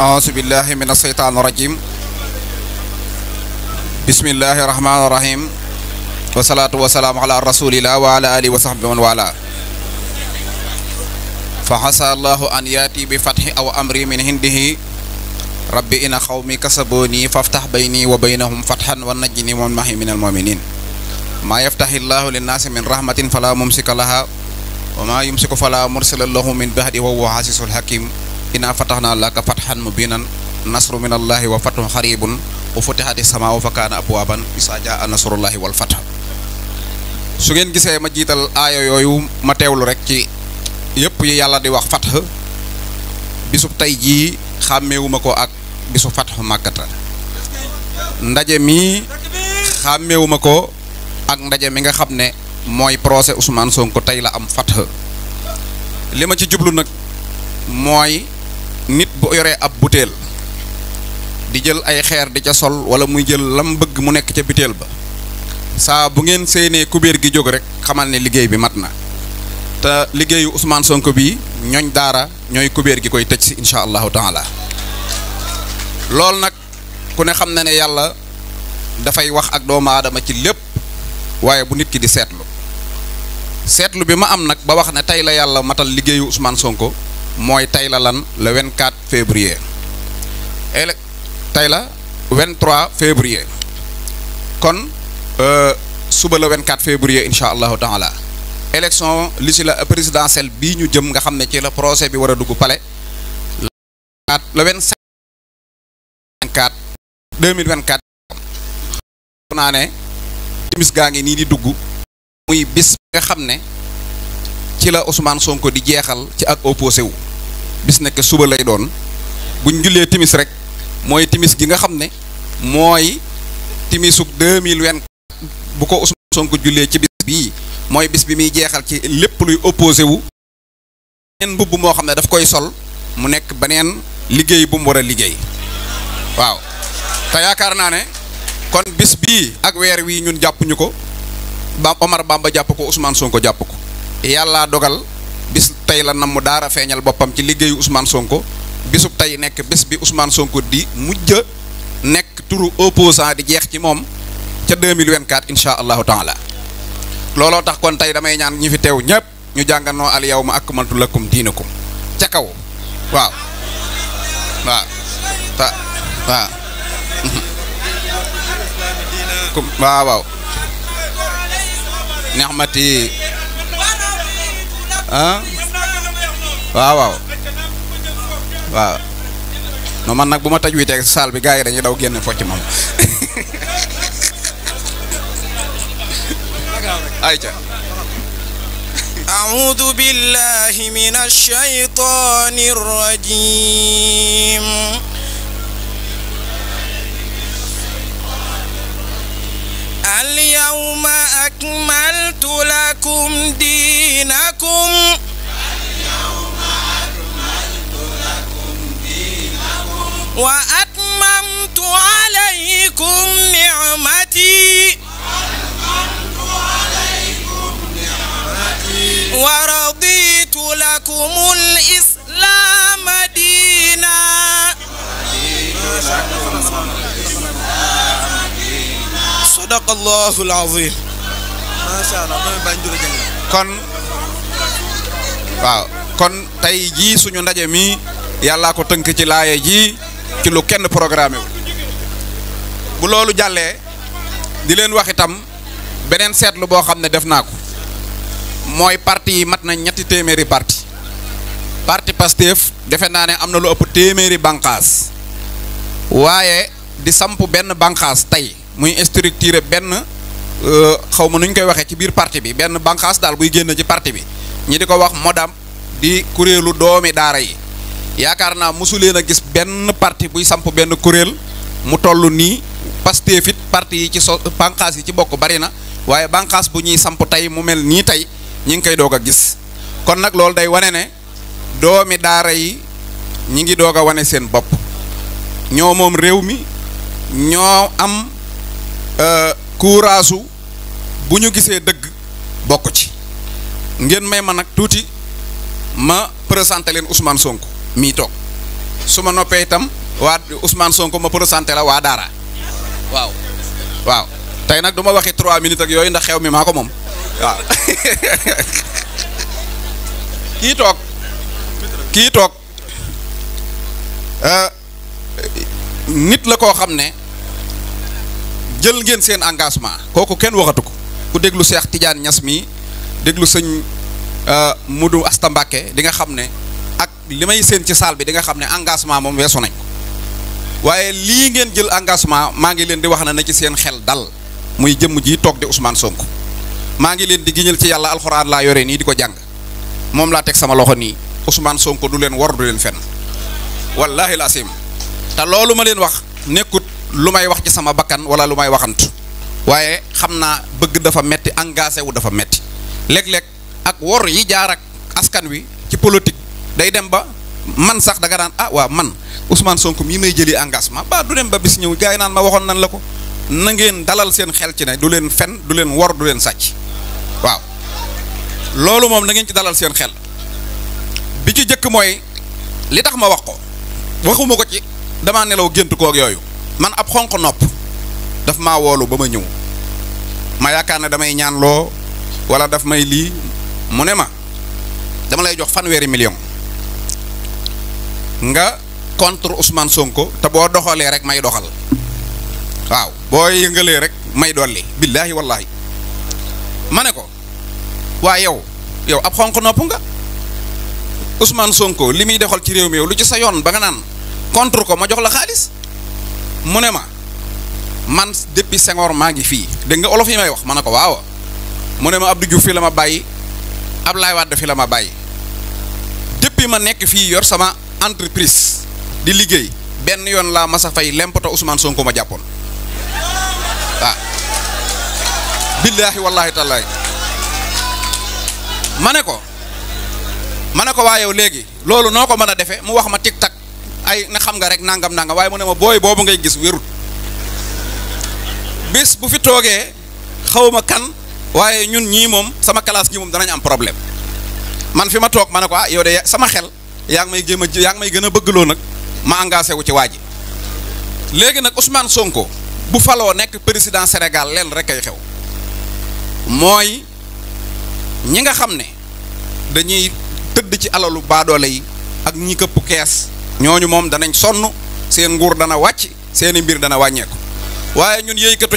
أعوذ بالله من الشيطان الرجيم بسم الله الرحمن الرحيم والصلاة والسلام على رسول الله وعلى آله وصحبه ومن والاه فحسى الله أن يأتي بفتح أو أمر من هنده ربي إن قومي كسبوني فافتح بيني وبينهم فتحا ونجني ومحي من المؤمنين ما يفتح الله للناس من رحمة فلا ممسك لها وما يمسك فلا مرسل الله من بعده وهو عزيز الحكيم inaa fataxnaa laka fatxan mubiinan nasru min allahi wa fatxun xaribun wa futixati samaawu fa kaana abwaaban isa jaa nasrullahi wal fatx su ngeen gisee ma jiital aaya yooyu ma teewlu rek ci yépp yi yàlla di wax fatx bisu tey jii xàmmeewuma ko ak bisu fatxu màkkata ndaje mi xàmmeewuma ko ak ndaje mi nga xam ne mooy procès Ousmane Sonko tey la am fatx li ma ci jublu nag mooy nit bu yoree ab butéel di jël ay xeer di ca sol wala muy jël lam bëgg mu nekk ca butéel ba saa bu ngeen séenee kubéer gi jóg rek xamal ne liggéey bi mat na te liggéeyu Ousmane Sonko bi ñooñ daara ñooy kubéer gi koy tëj si incha allahu taala loolu nag ku ne xam na ne yàlla dafay wax ak doomu aadama ci lépp waaye bu nit ki di seetlu seetlu bi ma am nag ba wax ne tey la yàlla matal liggéeyu Ousmane Sonko mooy tey la lan le 24 février ele tey la 23 février kon euh, suba le 24 février incha allahu taala élection li si la présidentielle bii ñu jëm nga xam ne ci la procès bi war a dugg palais le 25 24 2024 naa ne timis gaa ngi nii di dugg muy bis nga xam ne ci la Ousmane Sonko di jeexal ci ak opposé wu bis nek suba lay doon buñ julé timis rek moy timis gi nga xamné ne mooy timisuk 2024 bu ko usman Sonko julé ci bis bi moy bis bi mi jéxal ci lepp luy opposé wu beneen bubu mo xamné ne daf koy sol mu nek benen liggéey bu mu liggéey waaw ta yaakar ne kon bis bi ak weer wi ñun japp ñuko ba Omar Bamba japp ko Ousmane Sonko japp ko yalla dogal bis tey la namm daara feeñal boppam ci liggéeyu Ousmane Sonko bisub tey nekk bés bi usmaan Sonko di mujj nekk turu opposant di jeex ci moom ca 2024 incha allahu taala looloo tax kon tey damay ñaan ñi fi teew ñëpp ñu jànganoo al yawma akmaltu lakum diinakum ca kaw waaw waaw waaw waaw waaw waaw non man nag bu ma taj witee saal bi gars yi dañuy daw génn focc moom ayca أعوذ بالله من الشيطان الرجيم اليوم أكملت لكم دينكم وأتممت عليكم نعمتي ورضيت لكم الإسلام دينا صدق الله العظيم ما شاء الله kon waaw kon suñu ndaje mi ko ci lu kenn programme wu bu loolu jàllee di leen wax itam beneen seetlu boo xam ne def naa ko mooy parti yi mat na ñetti téeméeri parti parti Pastef defe naa ne am na lu ëpp téeméeri bànqaas waaye di samp benn banqaas tey muy structuré benn euh, xaw ma nu ñu koy waxee ci biir parti bi benn bànqaas daal buy génn ci parti bi ñi di ko wax modam di kuréelu doomi daara yi yaakaar naa mosu leen a gis benn parti buy samp benn kuréel mu toll nii Pastef fit parti yi ci so bànqaas yi ci bokk bari na waaye bànqaas bu ñuy samp tey mu mel nii tey ñi ngi koy doog a gis kon nag loolu day wane ne doomi daara yi ñi ngi doog a wane seen bopp ñoo moom réew mi ñoo am kuuraasu euh, bu ñu gisee dëgg bokk ci ngeen may ma nag tuuti ma présenté leen Ousmane sonk mi tok suma noppé noppee itam waa Ousmane Sonko ma présenté la wa dara waaw waaw tay nak duma ma waxi minutes ak yoy ndax xew mi mako mom waaw ki tok ki tok euh ah, nit la ko xam jël ngeen seen engagement koku ken waxatu ko ku déglu Cheikh Tidiane niasmi mi déglu euh Modou astambake di nga xam li may séen ci saal bi di nga xam ne engagement moom weesu nañ ko waaye lii ngeen jël engagement maa ngi leen di wax na na ci seen xel dal muy jëmm ji toog di Ousmane Sonko maa ngi leen di giñal ci yàlla alxuraan laa yore nii di ko jàng moom laa teg sama loxo nii Ousmane sonk du leen war du leen fenn wallaahi laasim te loolu ma leen wax nekkut lu may wax ci sama bakkan wala lu may waxantu waaye xam naa bëgg dafa metti engagé wu dafa metti léeg-léeg ak wor yi jaar askan wi ci politique day dem ba man sax da daan ah waaw man Ousmane sonk mii may jëli engagement ba du dem ba bis ñëw gars naan ma waxoon nan la ko na ngeen dalal seen xel ci ne du leen fen du leen wor du leen sàcc waaw loolu moom na ngeen ci dalal seen xel bi ci jëkk mooy li tax ma wax ko waxuma ko ci damaa nelaw gént koog yooyu man ab xonq nopp daf ma woolu ba ma ñëw ma yaakaar ne damay ñaan loo wala daf may lii mu ne ma dama lay jox fanweeri million nga contre Usman Sonko te bo doxale rek may doxal waaw boy yëngalee rek may doli billahi wallahi ma ne ko waa yow yow ab xonq nopp nga Ousmane Sonko limi doxal ci réew mi yow lu ci sa yoon ba nga nan contre ko ma jox la xaalis mu ma man depuis Senghor ma ngi fi de nga olof yi may wax waaw Abdou Diouf fi lama fi lama depuis ma nek fi yor sama entreprise di liggéey benn yoon laa masa a fay lempata Ousmane Sonko ma jàppoon waaw ah. billaahi wallaahi tallaahi ma ne ko ma ne ko waa yow léegi loolu noo ko mën a defee mu wax ma tic tak ay na xam nga rek nangam nangam waaye mu ne ma booy boobu ngay gis wérut bis bu fi toogee xaw ma kan waaye ñun ñii moom sama classe gi moom danañ am problème man fi ma toog ma ne ko ah yow de sama xel. yaa ngi may gën a yaa ngi may gën a bëggloo nag ma engagé wu ci waa ji léegi nag Ousmane Sonko bu faloo nekk président Sénégal leen rek ay xew mooy ñi nga xam ne dañuy tëdd ci alalu baadoole yi ak ñi këpp kees ñooñu moom danañ sonn seen nguur dana wàcc seeni mbir dana wàññeeku waaye ñun yëykatu